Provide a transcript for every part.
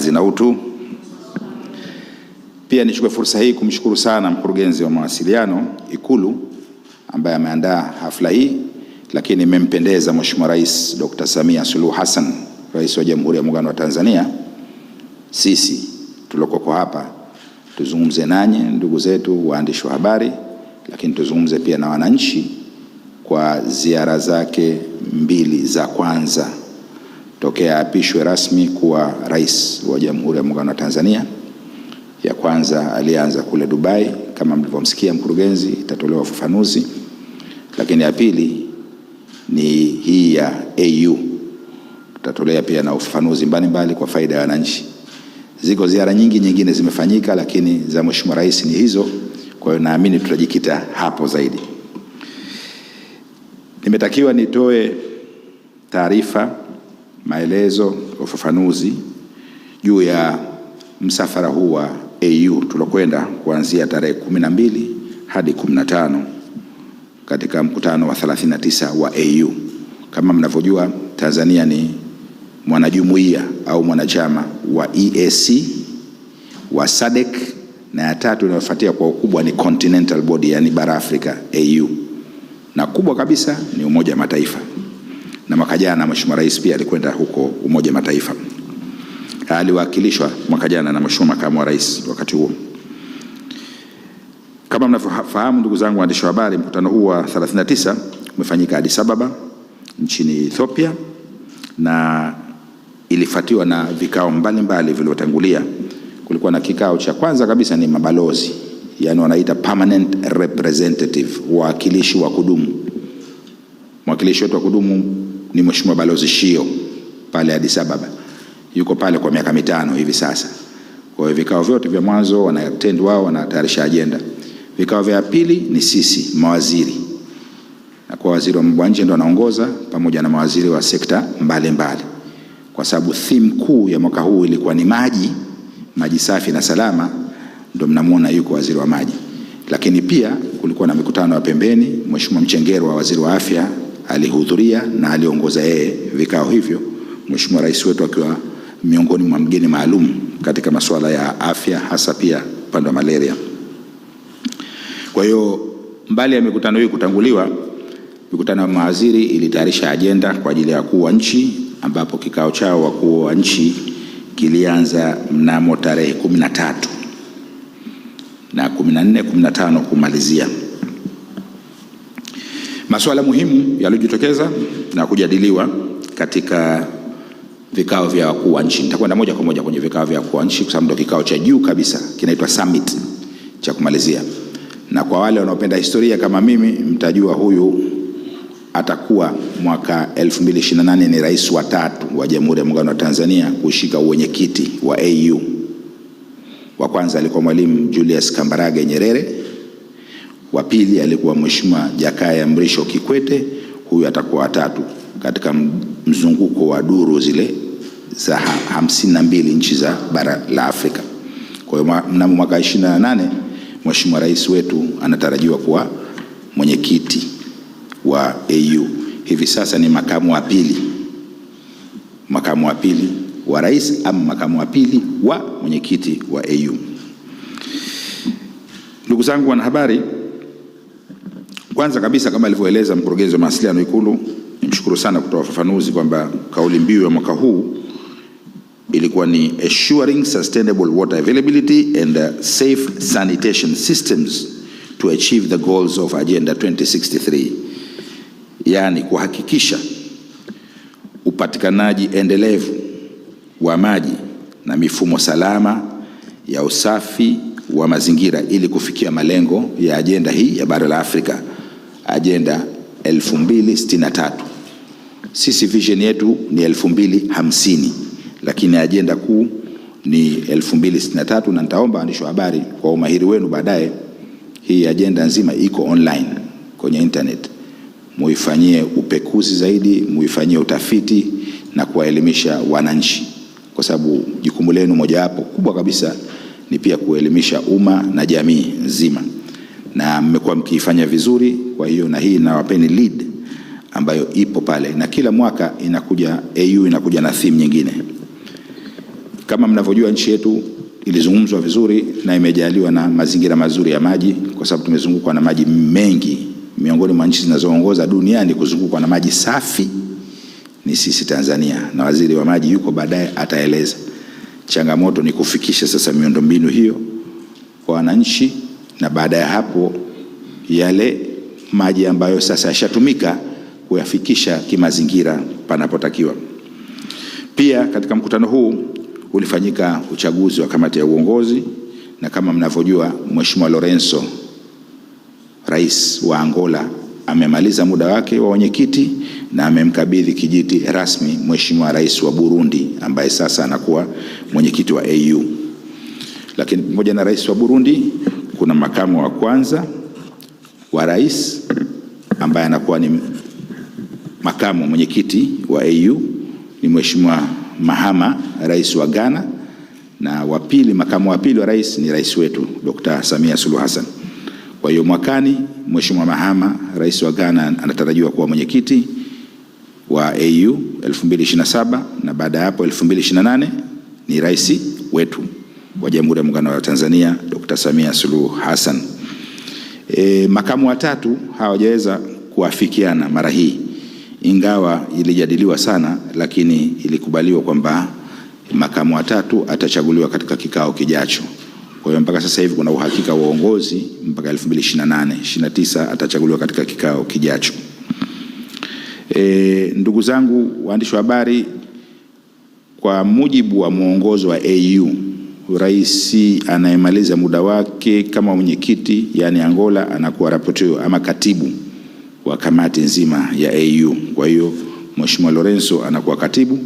zina utu. Pia nichukue fursa hii kumshukuru sana mkurugenzi wa mawasiliano Ikulu ambaye ameandaa hafla hii, lakini imempendeza Mheshimiwa Rais Dr. Samia Suluhu Hassan, Rais wa Jamhuri ya Muungano wa Tanzania, sisi tuliokoko hapa tuzungumze nanye, ndugu zetu waandishi wa habari, lakini tuzungumze pia na wananchi kwa ziara zake mbili za kwanza tokea apishwe rasmi kuwa rais wa Jamhuri ya Muungano wa Tanzania. Ya kwanza alianza kule Dubai, kama mlivyomsikia mkurugenzi, itatolewa ufafanuzi, lakini ya pili ni hii ya AU, tutatolea pia na ufafanuzi mbalimbali kwa faida ya wananchi. Ziko ziara nyingi nyingine zimefanyika, lakini za Mheshimiwa Rais ni hizo. Kwa hiyo naamini tutajikita hapo zaidi. Nimetakiwa nitoe taarifa maelezo ufafanuzi juu ya msafara huu wa AU tulokwenda kuanzia tarehe kumi na mbili hadi kumi na tano katika mkutano wa 39 wa AU. Kama mnavyojua, Tanzania ni mwanajumuiya au mwanachama wa EAC, wa SADC na ya tatu inayofuatia kwa ukubwa ni Continental Body, yani bara Afrika AU, na kubwa kabisa ni Umoja wa Mataifa na mwaka jana Mheshimiwa Rais pia alikwenda huko Umoja Mataifa, aliwakilishwa mwaka jana na Mheshimiwa Makamu wa Rais wakati huo. Kama mnavyofahamu, ndugu zangu waandishi wa habari, mkutano huu wa 39 umefanyika Addis Ababa nchini Ethiopia na ilifuatiwa na vikao mbalimbali vilivyotangulia. Kulikuwa na kikao cha kwanza kabisa ni mabalozi, yani wanaita permanent representative, wawakilishi wa kudumu. Mwakilishi wetu wa kudumu ni Mheshimiwa Balozi Shio pale Addis Ababa, yuko pale kwa miaka mitano hivi sasa. Kwa hiyo vikao vyote vya mwanzo attend wao, wanatayarisha ajenda. Vikao vya pili ni sisi mawaziri, na kwa waziri wa mambo ya nje ndo anaongoza pamoja na mawaziri wa sekta mbalimbali mbali. Kwa sababu theme kuu ya mwaka huu ilikuwa ni maji, maji safi na salama, ndo mnamuona yuko waziri wa maji, lakini pia kulikuwa na mikutano ya pembeni. Mheshimiwa Mchengero wa waziri wa afya alihudhuria na aliongoza yeye vikao hivyo, Mheshimiwa Rais wetu akiwa miongoni mwa mgeni maalum katika masuala ya afya, hasa pia upande wa malaria. Kwa hiyo mbali ya mikutano hii kutanguliwa, mikutano ya mawaziri ilitayarisha ajenda kwa ajili ya wakuu wa nchi, ambapo kikao chao wakuu wa nchi kilianza mnamo tarehe kumi na tatu na kumi na nne kumi na tano kumalizia Masuala muhimu yaliyojitokeza na kujadiliwa katika vikao vya wakuu wa nchi, nitakwenda moja kwa moja kwenye vikao vya wakuu wa nchi kwa sababu ndio kikao cha juu kabisa, kinaitwa summit cha kumalizia. Na kwa wale wanaopenda historia kama mimi, mtajua huyu atakuwa mwaka 2028 ni rais wa tatu wa Jamhuri ya Muungano wa Tanzania kushika uwenyekiti wa AU. Wa kwanza alikuwa Mwalimu Julius Kambarage Nyerere wa pili alikuwa Mheshimiwa Jakaya Mrisho Kikwete, huyu atakuwa watatu katika mzunguko wa duru zile za hamsini na mbili nchi za bara la Afrika. Kwa hiyo mnamo mwaka 28 Mheshimiwa Rais wetu anatarajiwa kuwa mwenyekiti wa AU. Hivi sasa ni makamu wa pili, makamu wa pili wa rais ama makamu wa pili wa mwenyekiti wa AU. Ndugu zangu wanahabari kwanza kabisa kama alivyoeleza mkurugenzi wa mawasiliano Ikulu, nimshukuru sana kutoa ufafanuzi kwamba kauli mbiu ya mwaka huu ilikuwa ni assuring sustainable water availability and safe sanitation systems to achieve the goals of agenda 2063, yaani kuhakikisha upatikanaji endelevu wa maji na mifumo salama ya usafi wa mazingira ili kufikia malengo ya ajenda hii ya bara la Afrika ajenda 2063. Sisi vision yetu ni 2050, lakini ajenda kuu ni 2063, na nitaomba waandishi wa habari kwa umahiri wenu, baadaye hii ajenda nzima iko online kwenye internet, muifanyie upekuzi zaidi, muifanyie utafiti na kuwaelimisha wananchi, kwa sababu jukumu lenu mojawapo kubwa kabisa ni pia kuelimisha umma na jamii nzima mmekuwa mkiifanya vizuri. Kwa hiyo na hii nawapeni lead ambayo ipo pale, na kila mwaka inakuja AU inakuja na theme nyingine. Kama mnavyojua, nchi yetu ilizungumzwa vizuri na imejaliwa na mazingira mazuri ya maji, kwa sababu tumezungukwa na maji mengi. Miongoni mwa nchi zinazoongoza duniani kuzungukwa na maji safi ni sisi Tanzania, na waziri wa maji yuko baadaye, ataeleza changamoto ni kufikisha sasa miundombinu hiyo kwa wananchi, na baada ya hapo yale maji ambayo sasa yashatumika kuyafikisha kimazingira panapotakiwa. Pia katika mkutano huu ulifanyika uchaguzi wa kamati ya uongozi, na kama mnavyojua, Mheshimiwa Lorenzo, rais wa Angola, amemaliza muda wake wa wenyekiti na amemkabidhi kijiti rasmi Mheshimiwa rais wa Burundi ambaye sasa anakuwa mwenyekiti wa AU. Lakini pamoja na rais wa Burundi kuna makamu wa kwanza wa rais ambaye anakuwa ni makamu mwenyekiti wa AU ni Mheshimiwa Mahama, rais wa Ghana, na wa pili, makamu wa pili wa rais ni rais wetu Dr. Samia Suluhu Hassan. Kwa hiyo mwakani, Mheshimiwa Mahama, rais wa Ghana, anatarajiwa kuwa mwenyekiti wa AU 2027 na baada ya hapo 2028 ni rais wetu wa Jamhuri ya Muungano wa Tanzania Dr. Samia Suluhu Hassan e, makamu watatu hawajaweza kuafikiana mara hii, ingawa ilijadiliwa sana, lakini ilikubaliwa kwamba makamu watatu atachaguliwa katika kikao kijacho. Kwa hiyo mpaka sasa hivi kuna uhakika wa uongozi mpaka 2028 29 atachaguliwa katika kikao kijacho. E, ndugu zangu waandishi wa habari, kwa mujibu wa mwongozo wa AU rais anayemaliza muda wake kama mwenyekiti, yani Angola, anakuwa rapoteo ama katibu wa kamati nzima ya AU. Kwa hiyo Mheshimiwa Lorenzo anakuwa katibu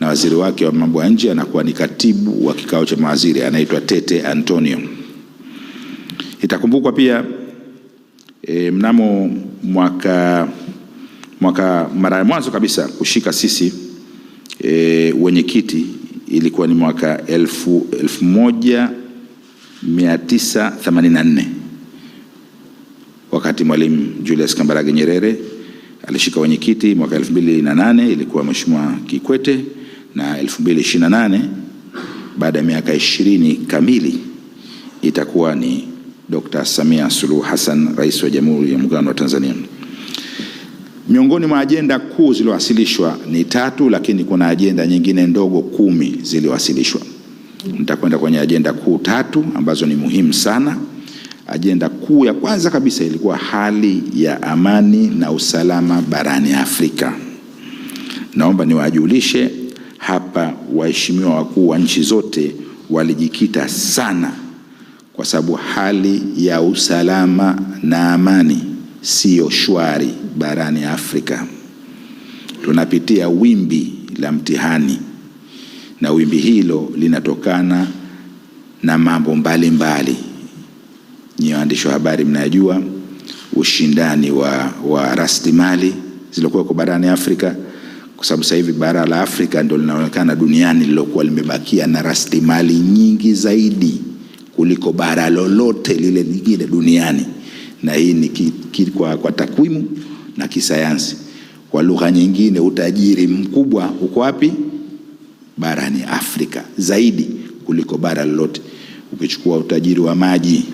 na waziri wake wa mambo ya nje anakuwa ni katibu wa kikao cha mawaziri anaitwa Tete Antonio. Itakumbukwa pia e, mnamo mwaka mwaka mara ya mwanzo kabisa kushika sisi e, wenyekiti ilikuwa ni mwaka 1984 wakati Mwalimu Julius Kambarage Nyerere alishika wenyekiti. Mwaka 2008 ilikuwa Mheshimiwa Kikwete, na 2028 baada ya miaka 20 kamili itakuwa ni Dr. Samia Suluhu Hassan, Rais wa Jamhuri ya Muungano wa Tanzania. Miongoni mwa ajenda kuu zilizowasilishwa ni tatu, lakini kuna ajenda nyingine ndogo kumi zilizowasilishwa. Nitakwenda kwenye ajenda kuu tatu ambazo ni muhimu sana. Ajenda kuu ya kwanza kabisa ilikuwa hali ya amani na usalama barani Afrika. Naomba niwajulishe hapa, waheshimiwa wakuu wa nchi zote walijikita sana, kwa sababu hali ya usalama na amani siyo shwari barani Afrika. Tunapitia wimbi la mtihani, na wimbi hilo linatokana na mambo mbalimbali. Nyie waandishi wa habari mnayajua, ushindani wa, wa rasilimali zilizokuwako barani Afrika, kwa sababu sasa hivi bara la Afrika ndio linaonekana duniani lilokuwa limebakia na rasilimali nyingi zaidi kuliko bara lolote lile lingine duniani na hii ni ki, ki, kwa, kwa takwimu na kisayansi. Kwa lugha nyingine, utajiri mkubwa uko wapi? Barani Afrika zaidi kuliko bara lolote. Ukichukua utajiri wa maji,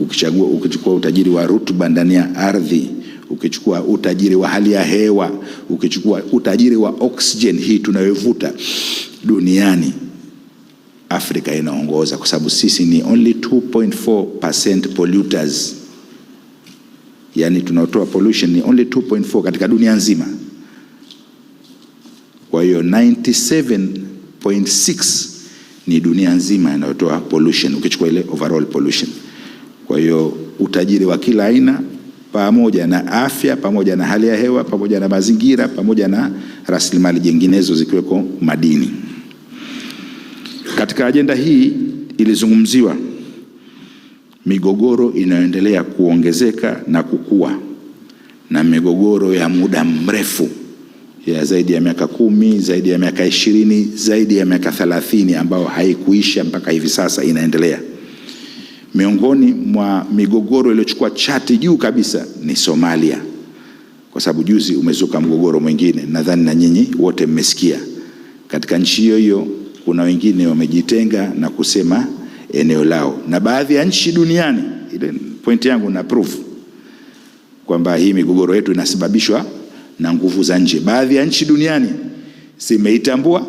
ukichagua, ukichukua utajiri wa rutuba ndani ya ardhi, ukichukua utajiri wa hali ya hewa, ukichukua utajiri wa oxygen hii tunayovuta duniani Afrika inaongoza kwa sababu sisi ni only 2.4% polluters yani tunaotoa pollution ni only 2.4 katika dunia nzima. Kwa hiyo 97.6 ni dunia nzima inayotoa pollution, ukichukua ile overall pollution. Kwa hiyo utajiri wa kila aina pamoja na afya pamoja na hali ya hewa pamoja na mazingira pamoja na rasilimali nyinginezo zikiweko madini. Katika ajenda hii ilizungumziwa migogoro inayoendelea kuongezeka na kukua na migogoro ya muda mrefu ya zaidi ya miaka kumi, zaidi ya miaka ishirini, zaidi ya miaka thelathini ambayo haikuisha mpaka hivi sasa inaendelea. Miongoni mwa migogoro iliyochukua chati juu kabisa ni Somalia, kwa sababu juzi umezuka mgogoro mwingine, nadhani na nyinyi wote mmesikia. Katika nchi hiyo hiyo kuna wengine wamejitenga na kusema eneo lao, na baadhi ya nchi duniani. Ile pointi yangu na proof kwamba hii migogoro yetu inasababishwa na nguvu za nje. Baadhi ya nchi duniani zimeitambua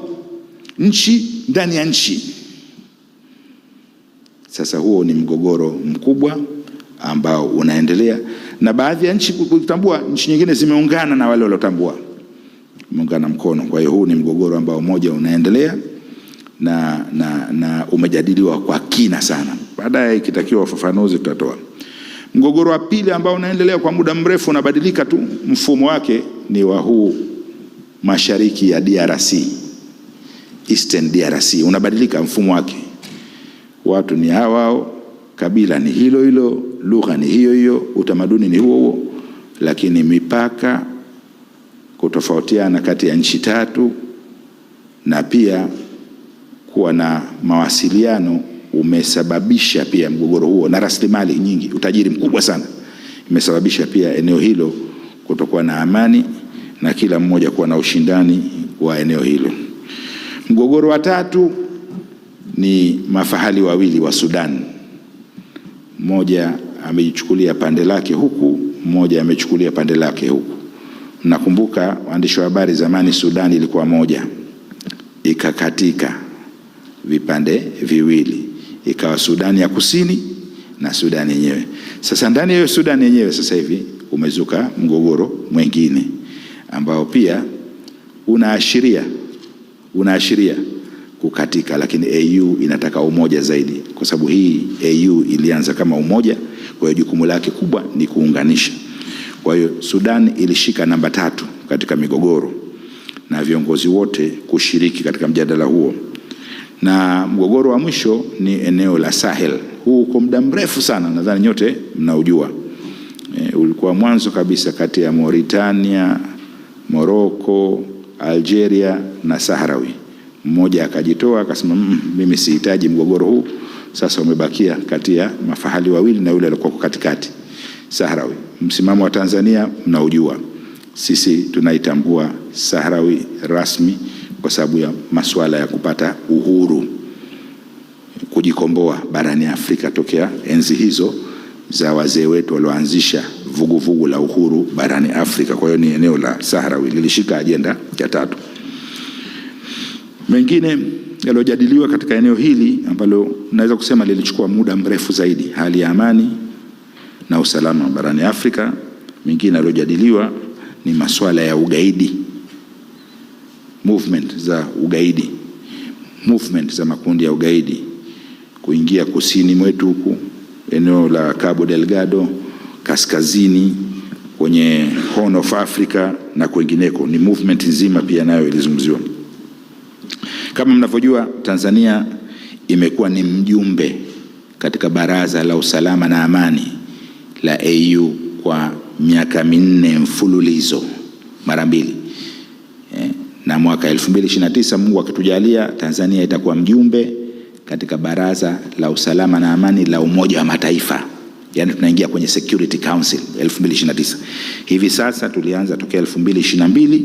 nchi ndani ya nchi. Sasa huo ni mgogoro mkubwa ambao unaendelea, na baadhi ya nchi kutambua, nchi nyingine zimeungana na wale waliotambua, muungana mkono. Kwa hiyo huu ni mgogoro ambao moja unaendelea na, na, na umejadiliwa kwa kina sana. Baadaye ikitakiwa ufafanuzi tutatoa. Mgogoro wa pili ambao unaendelea kwa muda mrefu, unabadilika tu mfumo wake, ni wa huu mashariki ya DRC, Eastern DRC, unabadilika mfumo wake. Watu ni hawa hao, kabila ni hilo hilo, lugha ni hiyo hiyo, utamaduni ni huo huo, lakini mipaka kutofautiana kati ya nchi tatu na pia kuwa na mawasiliano umesababisha pia mgogoro huo, na rasilimali nyingi, utajiri mkubwa sana, imesababisha pia eneo hilo kutokuwa na amani na kila mmoja kuwa na ushindani wa eneo hilo. Mgogoro wa tatu ni mafahali wawili wa Sudan, mmoja amejichukulia pande lake huku, mmoja amechukulia pande lake huku. Nakumbuka waandishi wa habari zamani, Sudan ilikuwa moja, ikakatika vipande viwili, ikawa Sudani ya Kusini na sudani yenyewe. Sasa ndani ya sudani yenyewe sasa hivi umezuka mgogoro mwingine ambao pia unaashiria unaashiria kukatika, lakini AU inataka umoja zaidi, kwa sababu hii AU ilianza kama umoja. Kwa hiyo jukumu lake kubwa ni kuunganisha. Kwa hiyo Sudan ilishika namba tatu katika migogoro na viongozi wote kushiriki katika mjadala huo na mgogoro wa mwisho ni eneo la Sahel. Huu kwa muda mrefu sana, nadhani nyote mnaujua. E, ulikuwa mwanzo kabisa kati ya Mauritania, Morocco, Algeria na Sahrawi. Mmoja akajitoa akasema, mmm, mimi sihitaji mgogoro huu. Sasa umebakia kati ya mafahali wawili na yule aliyokuwa katikati Sahrawi. Msimamo wa Tanzania mnaujua, sisi tunaitambua Sahrawi rasmi kwa sababu ya masuala ya kupata uhuru, kujikomboa barani Afrika tokea enzi hizo za wazee wetu walioanzisha vuguvugu la uhuru barani Afrika. Kwa hiyo ni eneo la Sahrawi lilishika ajenda ya tatu. Mengine yaliyojadiliwa katika eneo hili ambalo naweza kusema lilichukua muda mrefu zaidi, hali ya amani na usalama barani Afrika. Mengine yaliyojadiliwa ni masuala ya ugaidi movement za ugaidi, movement za makundi ya ugaidi kuingia kusini mwetu huku eneo la Cabo Delgado, kaskazini kwenye Horn of Africa na kwingineko. Ni movement nzima pia nayo ilizungumziwa. Kama mnavyojua, Tanzania imekuwa ni mjumbe katika Baraza la Usalama na Amani la AU kwa miaka minne mfululizo mara mbili na mwaka 2029 Mungu akitujalia, Tanzania itakuwa mjumbe katika Baraza la Usalama na Amani la Umoja wa Mataifa, yani tunaingia kwenye Security Council 2029. Hivi sasa tulianza tokea 2022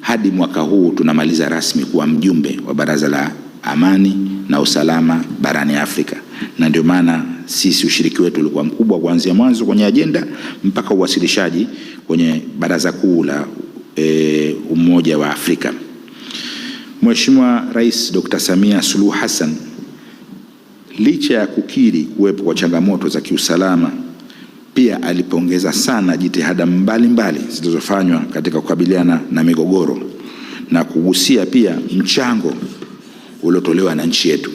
hadi mwaka huu tunamaliza rasmi kuwa mjumbe wa Baraza la Amani na Usalama barani Afrika, na ndio maana sisi ushiriki wetu ulikuwa mkubwa kuanzia mwanzo kwenye ajenda mpaka uwasilishaji kwenye Baraza Kuu la e, Umoja wa Afrika. Mheshimiwa Rais Dr. Samia Suluhu Hassan licha ya kukiri kuwepo kwa changamoto za kiusalama, pia alipongeza sana jitihada mbalimbali zilizofanywa katika kukabiliana na migogoro na kugusia pia mchango uliotolewa na nchi yetu.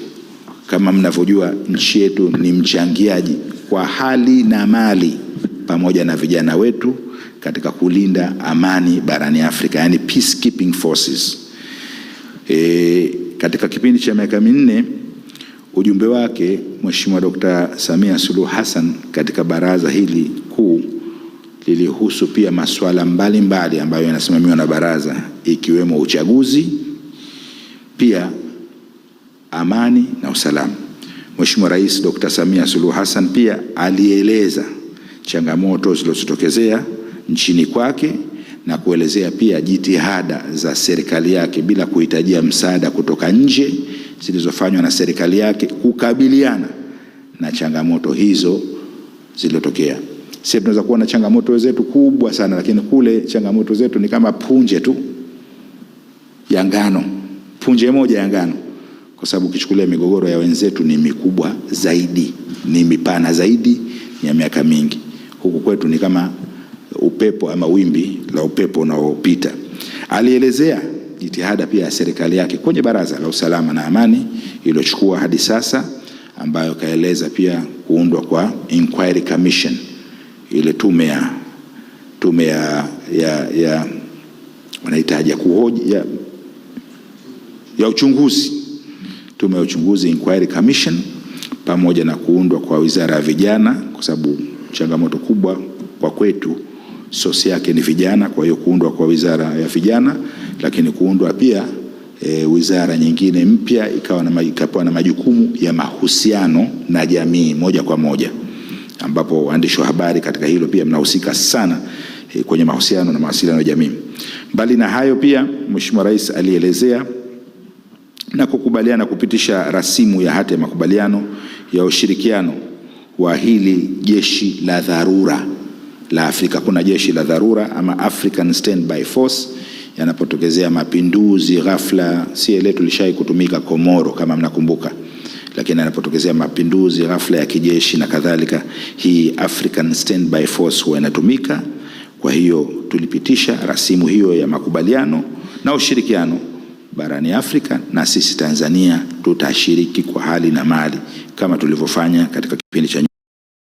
Kama mnavyojua, nchi yetu ni mchangiaji kwa hali na mali pamoja na vijana wetu katika kulinda amani barani Afrika, yani peacekeeping forces E, katika kipindi cha miaka minne ujumbe wake Mheshimiwa Dr. Samia Suluhu Hassan katika baraza hili kuu lilihusu pia masuala mbalimbali ambayo yanasimamiwa na baraza ikiwemo uchaguzi, pia amani na usalama. Mheshimiwa Rais Dr. Samia Suluhu Hassan pia alieleza changamoto zilizotokezea nchini kwake na kuelezea pia jitihada za serikali yake bila kuhitajia msaada kutoka nje zilizofanywa na serikali yake kukabiliana na changamoto hizo zilizotokea. Sisi tunaweza kuwa na changamoto zetu kubwa sana, lakini kule changamoto zetu ni kama punje tu ya ngano, punje moja ya ngano, kwa sababu ukichukulia migogoro ya wenzetu ni mikubwa zaidi, ni mipana zaidi ya miaka mingi. Huku kwetu ni kama upepo ama wimbi la upepo unaopita. Alielezea jitihada pia ya serikali yake kwenye Baraza la Usalama na Amani iliyochukua hadi sasa, ambayo kaeleza pia kuundwa kwa inquiry commission, ile tume ya tume ya ya, ya wanahitaji ya kuhoji ya, ya uchunguzi, tume ya uchunguzi inquiry commission, pamoja na kuundwa kwa wizara ya vijana, kwa sababu changamoto kubwa kwa kwetu sosi yake ni vijana. Kwa hiyo kuundwa kwa wizara ya vijana, lakini kuundwa pia e, wizara nyingine mpya ikawa na, ikapewa na majukumu ya mahusiano na jamii moja kwa moja, ambapo waandishi wa habari katika hilo pia mnahusika sana e, kwenye mahusiano na mawasiliano ya jamii. Mbali na hayo, pia Mheshimiwa Rais alielezea na kukubaliana kupitisha rasimu ya hati ya makubaliano ya ushirikiano wa hili jeshi la dharura la Afrika. Kuna jeshi la dharura ama African Standby Force yanapotokezea mapinduzi ghafla. CLA tulishai kutumika Komoro kama mnakumbuka, lakini yanapotokezea mapinduzi ghafla ya kijeshi na kadhalika, hii African Standby Force huwa inatumika. Kwa hiyo tulipitisha rasimu hiyo ya makubaliano na ushirikiano barani Afrika, na sisi Tanzania tutashiriki kwa hali na mali kama tulivyofanya katika kipindi cha